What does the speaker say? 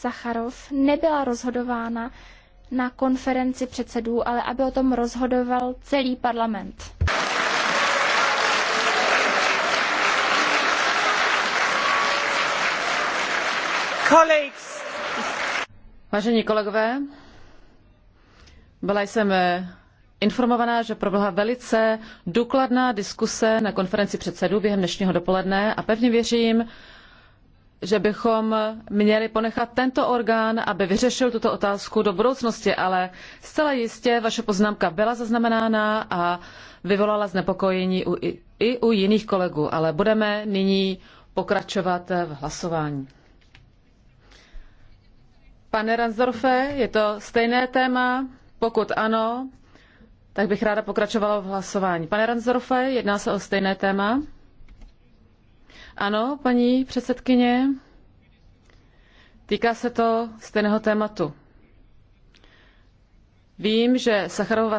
Sacharov nebyla rozhodována na konferenci předsedů, ale aby o tom rozhodoval celý parlament. Colleagues. Vážení kolegové, byla jsem eh, informovaná, že proběhla velice důkladná diskuse na konferenci předsedů během dnešního dopoledne a pevně věřím, že bychom měli ponechat tento orgán, aby vyřešil tuto otázku do budoucnosti, ale zcela jistě vaše poznámka byla zaznamenána a vyvolala znepokojení u, i, i u jiných kolegů, ale budeme nyní pokračovat v hlasování. Pane Ransdorfe, je to stejné téma? Pokud ano, tak bych ráda pokračovala v hlasování. Pane Ransdorfe, jedná se o stejné téma? Ano, paní předsedkyně, týká se to stejného tématu. Vím, že Sacharovova